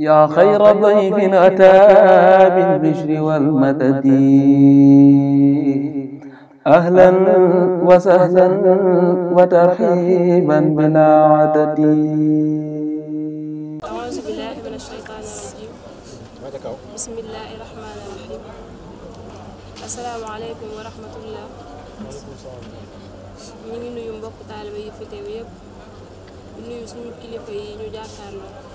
yaa xayra dayfin ataa bil bishri wal madadi ahlan wa sahlan wa tarhiiban bilaa adadi. Auzu billaahi mina shaytaani rajiim. Bismillaahi rahmaani rahiim. Assalaamu aleykum wa rahmatullah. ñu ngi nuyu mbokk taalibe yi fi teew yëpp nuyu suñu kilifa yi ñu jàkkaarloo.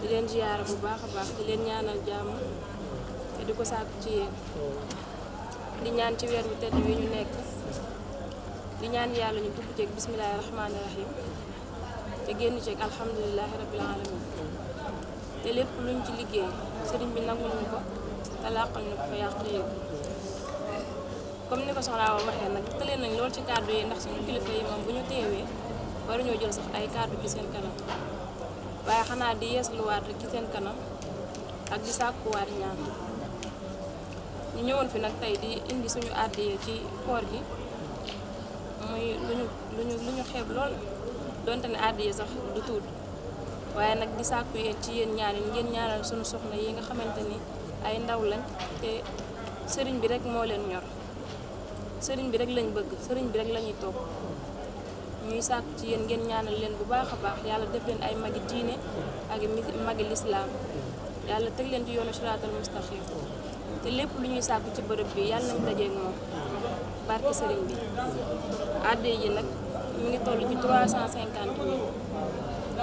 di leen ziyaara bu baax a baax di leen ñaanal jàmm te di ko sàkku ci yéen di ñaan ci weer bu tedd wi ñu nekk di ñaan yàlla ñu dugg ceeg bismillaahi rahmaani rahim te génn ceeg alhamdulilahi rabbil lépp luñ ci liggéey sëriñ bi nangul ñu ko te làqal ko fa yàq yëpp comme ni ko soxlaa wa waxee nag tëleen nañ lool ci kàddu yi ndax suñu kilifa yi moom bu ñu teewee waruñoo jël sax ay kàddu ci seen kanam waaye xanaa di yeesluwaat rek ci seen kanam ak di sàkkuwaat ñaan ñu ñëwoon fi nag tey di indi suñu àddiya ci koor gi muy luñu luñu xeeb lool donte ne àddiya sax du tuut waaye nag di sàkku yéen ci yéen ñaan ngeen ñaanal suñu soxna yi nga xamante ni ay ndaw lañ te sëriñ bi rek moo leen ñor sëriñ bi rek lañ bëgg sëriñ bi rek lañuy toog ñuy sàkk ci yéen ngeen ñaanal leen bu baax a baax yàlla def leen ay magi diine ak mag magi lislaam yàlla teg leen ci yoonu siraatal mustaqim te lépp lu ñuy sàkku ci bërëb bi yàlla nañ dajeeg moom barke sëriñ bi adde ji nag mu ngi toll ci trois cent cinquante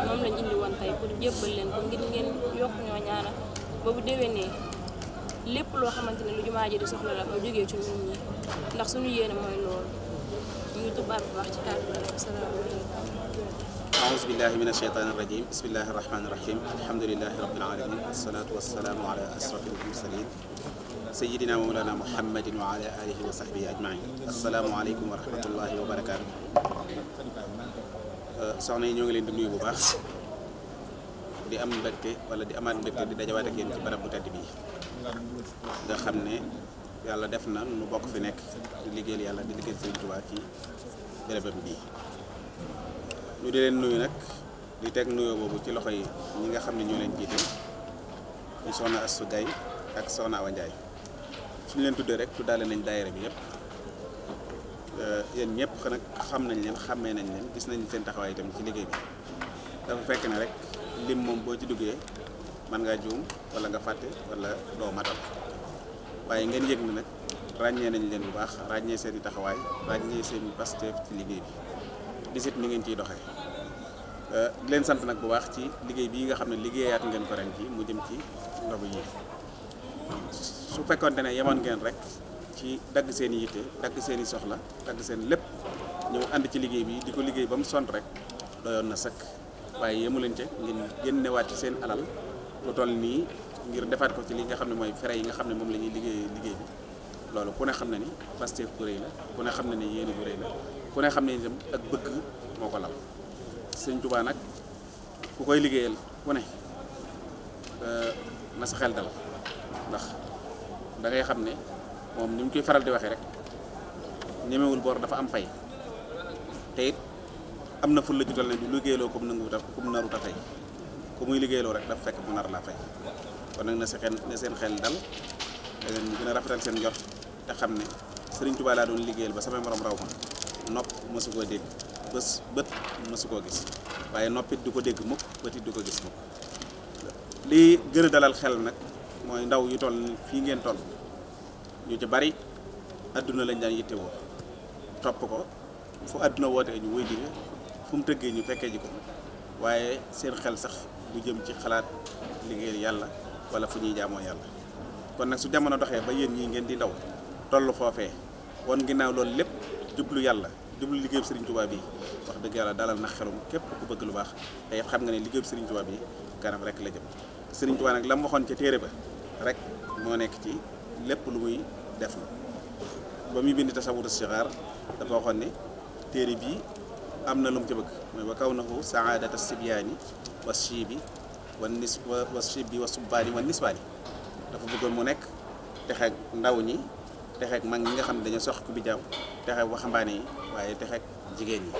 moom lañ indi woon tey pour jébbal leen ko ngir ngeen yokk ñoo ñaanal ba bu déwénee lépp loo xamante ni lu jumaa ji di soxla la mu jógee ci ñun ñi ndax suñu yéene mooy loolu aouzu billahi min asheytaani irajim bismillahi irrahmani irahim alhamdulilahi rabbil alamin wasalaatu wasalaamu ala ashrafil mursalin sayidina mawlana muhammadin wa ala alihi wa sahbihi ajmain assalaamu aleykum wa rahmatullahi wa barakaatu uh, soxna yi ñoo ngi leen di nuyu bu baax di am mbégte wala di amaat mbégte di dajawaat ak yéen ci barab bu tedd bii nga xam ne yàlla def na nu bokk fi nekk di liggéeyal yàlla di liggéeyal Sëriñ Tuubaa ci bérébam bii ñu di leen nuyu nag di teg nuyoo boobu ci loxo yi ñi nga xam ne ñoo leen jiite ñu soxna Astou gay ak soxna Awa Ndiaye suñu leen tuddee rek tuddaale nañ daayira bi yëpp eh, yéen ñëpp nag xam nañ leen xàmmee nañ leen gis nañ seen taxawaay itam ci liggéey bi dafa fekk ne rek lim moom boo ci duggee mën ngaa juum wala nga fàtte wala doo matal waaye ngeen yëg nag ràññee nañ leen bu baax ràññee seeni taxawaay ràññee seen i pasteef ci liggéey bi disit mi ngeen ciy doxe euh, di leen sant nag bu baax ci liggéey bii nga xam ne liggéeyaat ngeen ko ren ci mu jëm ci ndogu yi su fekkonte ne yemoon ngeen rek ci dagg seeni i yitte dagg seeni soxla dagg seen lépp ñëw ànd ci liggéey bi di ko liggéey ba mu sont rek doyoon na sëkk waaye yemu leen ca ngeen génnewaat ci seen alal lu toll nii ngir defaat ko ci li nga xam ne mooy frais yi nga xam ne moom lañuy ñuy liggéey liggéey bi loolu ku ne xam ne ni Pastef bu rëy la ku ne xam ne ni yéene bu rëy la ku ne xam ne itam ak bëgg ko lal Sëñ nag ku koy liggéeyal ku ne euh, na sa xel dal ndax dangay xam ne moom ni mu koy faral di waxee rek ñemewul boor dafa am fay te it am na ful la jutal ne du liggéeyloo comme nanguwuta comme naruta fay ku muy liggéeyloo rek daf fekk mu nar laa fay kon nag na seen xel na seen xel dal da ngeen gën a rafetal seen njort te xam ne Serigne Touba laa doon liggéeyal ba samay morom raw ma nopp mësu koo dégg bës bët mësu koo gis waaye noppit du ko dégg mukk bëtit du ko gis mukk li gën xel nag mooy ndaw yu toll fii ngeen toll ñu ci bari adduna lañ daan yittewoo ko fu adduna wootee ñu wuy ji tëggee ñu fekkee ji waaye seen xel sax lu jëm ci xalaat liggéeyal yàlla wala fu ñuy jaamoo yàlla kon nag su jamono doxee ba yéen ñii ngeen di ndaw toll foofee wan ginnaaw loolu lépp jublu yàlla jublu liggéeyu Serigne Touba yi wax dëgg yàlla dalal na xelum képp ku bëgg lu baax te xam nga ne liggéeyu Serigne Touba bi kanam rek la jëm Serigne Touba nag la waxoon ca téere ba rek moo nekk ci lépp lu muy def ba muy bind tasawudu sixaar dafa waxoon ne téere bi am na lu mu ci bëgg mooy wa kaw nahu saadata sibyaani wasii bi wa nis wasi bi wa subbaani wa nisbaani dafa bëggoon mu nekk texeeg ndaw ñi texeeg mag ñi nga xam ne dañoo sox ku bi jaaw texeeg waxambaane yi waaye texeeg jigéen ñi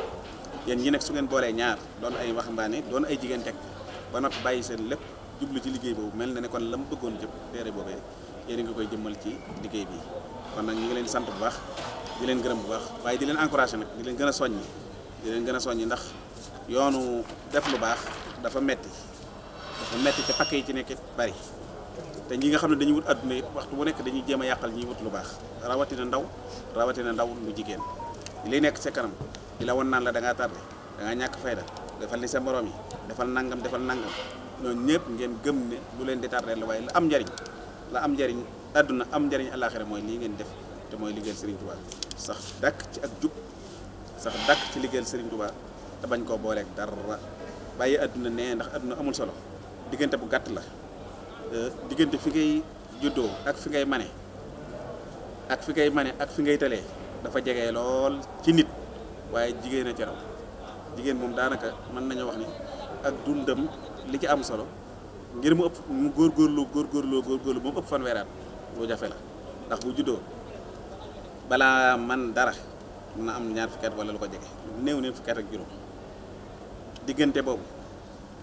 yéen ñi nag su ngeen boolee ñaar doon ay waxambaane doon ay jigéen teg ba noppi bàyyi seen lépp jublu ci liggéey boobu mel na ne kon la mu bëggoon jëpp téere boobee yéen nga koy jëmmal ci liggéey bi kon nag ñu ngi leen sant bu baax di leen gërëm bu baax waaye di leen encouragé nag di leen gën a soññi di leen gën a soññi ndax yoonu def lu baax dafa metti dafa metti te pakk yi ci nekk bari te ñi nga xam ne dañuy wut adduna it waxtu bu nekk dañuy jéem a yàqal ñiy wut lu baax rawatina ndaw rawatina ndaw lu jigéen li nekk sa kanam di la won naan la da ngaa tardé da ngaa ñàkk fayda defal ni sa morom yi defal nangam defal nangam ñooñu ñëpp ngeen gëm ne lu leen di tardé la waaye la am njariñ la am njariñ àdduna am njariñ àllaaxira mooy lii ngeen def te mooy liggéeyal Serigne Touba sax dàkk ci ak jub sax dàkk ci liggéeyal Serigne Touba te bañ koo booleeg dara bàyyi àdduna nee ndax àdduna amul solo diggante bu gàtt la euh, diggante fi ngay juddoo ak fi ngay mane ak fi ngay mane ak fi ngay talee dafa jege lool ci nit waaye jigéen a ca raw jigéen moom daanaka mën nañu wax ni ak dundam li ci am solo ngir mu ëpp mu góorgóorlu góorgóorlu góorgóorlu moom ëpp fanweeraat lu jafe la ndax bu juddoo balaa man dara na am ñaar fukki at wala lu ko jege new ne fukki at ak juróom diggante boobu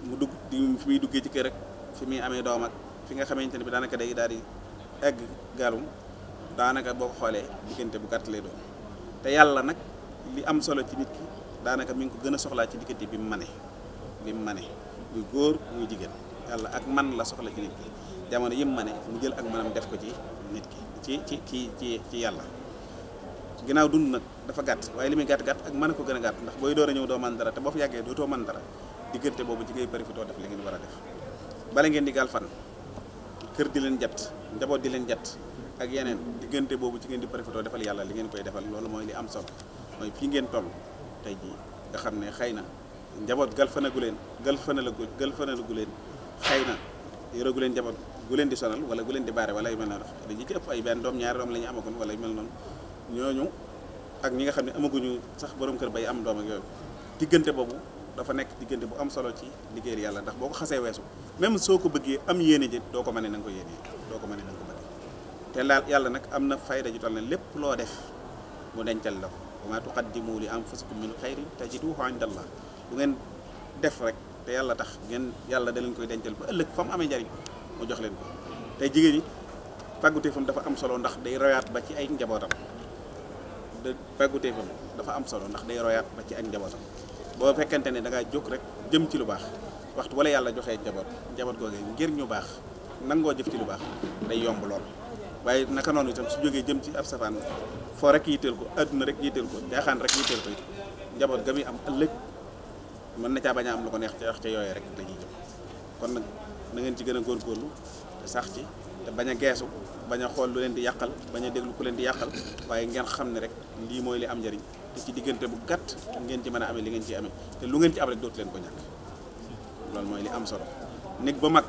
mu dugg di fi muy duggee ci kër rek fi muy amee doomag fi nga xamante ne bi daanaka day daal di egg galum daanaka boo xoolee diggante bu gàtt lay doon te yàlla nag li am solo ci nit ki daanaka mi ngi ko gën a soxlaa ci diggante bi mu mane bi mu mane muy góor muy jigéen yàlla ak man la soxla ci nit ki jamono yi mu mane mu jël ak manam def ko ci nit ki ci ci ci ci ci yàlla ginnaaw dund nag dafa gàtt waaye li muy gàtt gàtt ak mën a ko gën a gàtt ndax booy door a ñëw doo mën dara te boo fi yàggee dootoo mën dara diggante boobu ci ngay profitoo def li ngeen war a def bala ngeen di gaal fan kër di leen jat njaboot di leen jat ak yeneen diggante boobu ci ngeen di profitoo defal yàlla li ngeen koy defal loolu mooy li am solo mooy fii ngeen toll tey jii nga xam ne xëy na njaboot gal fanagu leen gal fanalagu gal fanalagu leen xëy na yore gu leen njaboot gu leen di sonal wala gu leen di baare wala yu mel noonu dañu ci ëpp ay benn doom ñaari doom la ñu amagoon ñooñu ak ñi nga xam ne amaguñu sax borom kër bay am doom ak yooyu diggante boobu dafa nekk diggante bu am solo ci liggéeyal yàlla ndax boo ko xasee weesu même soo ko bëggee am yéene ji doo ko mënee na ko yéene doo ko mënee na nga ko ba te laal yàlla nag am na fayda ju tal ne lépp loo def mu dencal la ko wa maa tuqaddimu li anfusikum min xayrin tajiduhu indallah bu ngeen def rek te yàlla tax ngeen yàlla da leen koy dencal ba ëllëg fa mu amee njariñ mu jox leen ko te jigéen ñi fàggute fam dafa am solo ndax day rawaat ba ci ay njabootam de pàgguteefam dafa am solo ndax day royaat ba ci ak njabootam boo fekkente ne dangay jóg rek jëm ci lu baax waxtu wala yàlla joxee njaboot njaboot googee ngir ñu baax nangoo jëf ci lu baax day yomb lool waaye naka noonu itam su jógee jëm ci ab safaan foo rek yitteel ko àdduna rek yitteel ko jaaxaan rek yitteel ko njaboot ga muy am ëllëg mën na caa bañ am lu ko neex ca wax ca rek dañuy jëm kon nag na ci gën a góorgóorlu te sax ci te bañ a geesu bañ a xool lu leen di yàqal bañ a déglu ku leen di yàqal waaye ngeen xam ne rek lii mooy li am njariñ te ci diggante bu gàtt ngeen ci mën a amee li ngeen ci amee te lu ngeen ci am rek dootu leen ko ñàkk loolu mooy li am solo néeg ba mag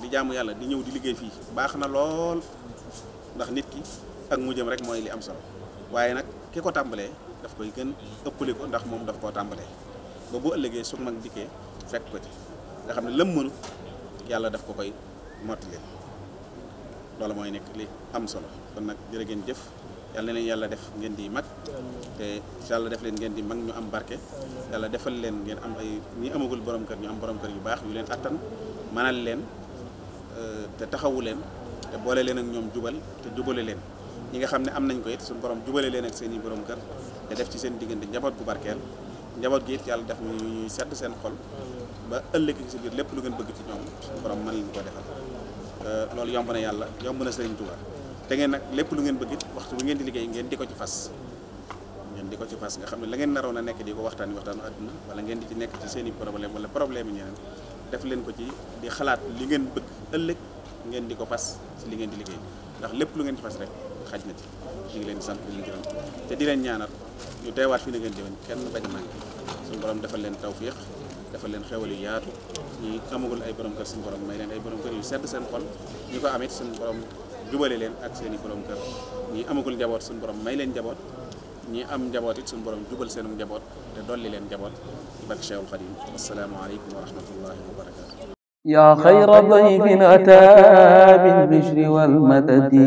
di jàmm yàlla di ñëw di liggéey fii baax na lool ndax nit ki ak mu jëm rek mooy li am solo waaye nag ki ko tàmbalee daf koy gën ëppale ko ndax moom daf koo tàmbalee ba bu ëllëgee su mag dikkee fekk ko ci ne lëm mënu yàlla daf ko koy mottali loola mooy nekk li am solo kon nag jërë ngeen jëf yàlla na yàlla def ngeen di mag te yàlla def leen ngeen di mag ñu am barke yàlla defal leen ngeen am ay ñi amagul borom kër ñu am borom kër yu baax yu leen attan manal leen euh, te taxawu leen te boole leen ak ñoom jubal te jubale leen ñi nga xam ne am nañ ko it suñu borom jubale leen ak seen i borom kër te def ci seen diggante njaboot bu barkeel njaboot gi it yàlla def ñu ñuy sedd seen xol ba ëllëg ci biir lépp lu ngeen bëgg ci ñoom suñu borom mën leen ko defal Euh, loolu yomb na yàlla yomb na Serigne Touba te ngeen nag lépp lu ngeen bëgg it waxtu bu ngeen di liggéey ngeen di ko ci fas ngeen di ko ci fas nga xam ne la ngeen naroon a nekk di ko waxtaan waxtaanu àdduna wala ngeen di nekk ci seen i problème wala problème yi leen ko ci di xalaat li ngeen bëgg ëllëg ngeen di ko fas ci li ngeen di liggéey ndax lépp lu ngeen di fas rek xaj na ci ñu ngi leen di sant di leen gërëm te di leen ñaanal ñu teewaat fi na ngeen déwén kenn bañ a mànk suñu borom defal leen tawfiix dafa leen xewal yu yaatu ñi amagul ay borom kër suñu borom may leen ay borom kër yu sedd seen xol ñi ko amit suñu borom jubale leen ak seen i borom amagul njaboot suñu borom may leen njaboot ñi am njaboot it suñu borom jubal seenu njaboot te dolli leen njaboot ci barke Cheikhul Khadim assalaamu aleykum wa rahmatullahi wa barakatuh yaa xayra ataa bil bishri wal madadi